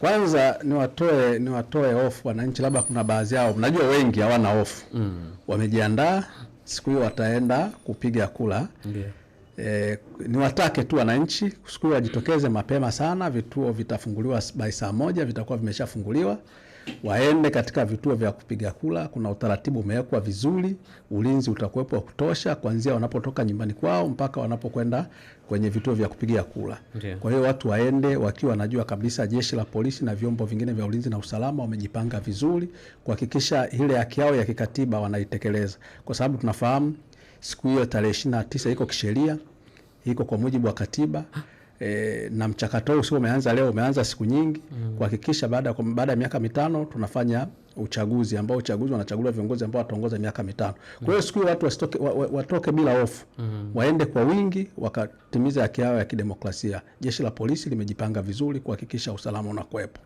Kwanza niwatoe niwatoe hofu wananchi, labda kuna baadhi yao, mnajua wengi hawana hofu mm. Wamejiandaa siku hiyo wataenda kupiga kula yeah. E, niwatake tu wananchi siku hiyo wajitokeze mapema sana. Vituo vitafunguliwa by saa moja, vitakuwa vimeshafunguliwa waende katika vituo vya kupiga kura. Kuna utaratibu umewekwa vizuri, ulinzi utakuwepo wa kutosha kuanzia wanapotoka nyumbani kwao mpaka wanapokwenda kwenye vituo vya kupiga kura. Kwa hiyo watu waende wakiwa wanajua kabisa jeshi la polisi na vyombo vingine vya ulinzi na usalama wamejipanga vizuri kuhakikisha ile haki yao ya kikatiba wanaitekeleza, kwa sababu tunafahamu siku hiyo tarehe ishirini na tisa iko kisheria, iko kwa mujibu wa katiba ha? e, na mchakato huu sio umeanza leo, umeanza siku nyingi mm. kuhakikisha baada baada ya miaka mitano tunafanya uchaguzi ambao uchaguzi wanachaguliwa viongozi ambao wataongoza miaka mitano. Kwa hiyo mm. siku siku watu wasitoke, wa, wa, watoke bila hofu mm. waende kwa wingi wakatimiza haki yao ya kidemokrasia. Jeshi la polisi limejipanga vizuri kuhakikisha usalama unakuwepo.